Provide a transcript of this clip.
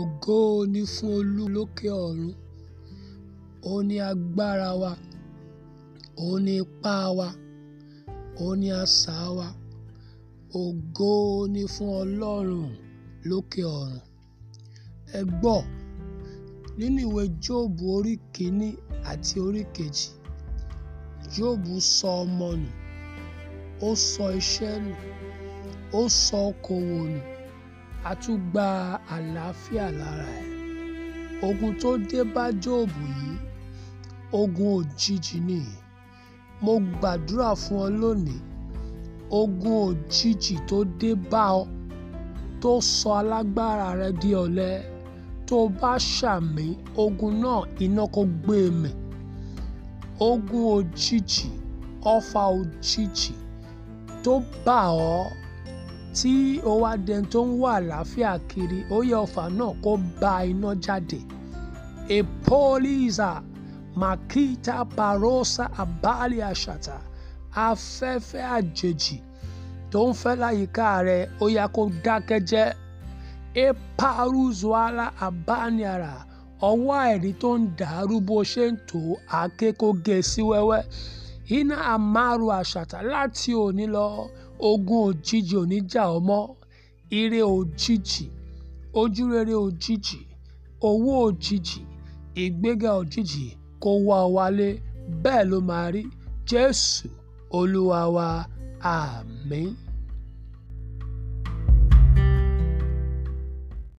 ògo ni fún olú lókè ọ̀run òun ni agbára wa òun ni ipá wa òun ni asà wa ògo ni fún ọlọ́run lókè ọ̀run ẹ gbọ́ nínú ìwé jóòbù orí kìíní àti orí kejì jóòbù sọ ọmọ nù ó sọ iṣẹ́ nù ó sọ okòwò nù a tún gba àlàáfíà lára ẹ̀ ogun tó dé bá Jóòbù yìí ogun òjijì ni mo gbàdúrà fún ọ lónìí ogun òjijì tó dé bá ọ tó sọ alágbára rẹ di ọ̀lẹ tó bá ṣàmì ogun náà iná kó gbé e mì ogun òjijì ọfà òjijì tó bá ọ tí ó wá dẹni tó ń wà àlàáfíà kiri ó yẹ ọfà náà kó ba iná jáde epoliza makita parosa abali asata afẹ́fẹ́ àjèjì tó ń fẹ́ láyìíká rẹ ó yẹ kó dákẹ́ jẹ́ eparuzuala abaniara ọwọ́ àìrí tó ń dàrú bó ṣe ń tò á ké kó gé e sí wẹ́wẹ́. iná amaru àṣàtà láti òní lọ ogun òjijì òní jà ire òjijì ojúrere òjijì owó òjijì ìgbéga òjijì kó wá ọ wálé bẹ́ẹ̀ ló máa rí jésù olúwa wa àmín.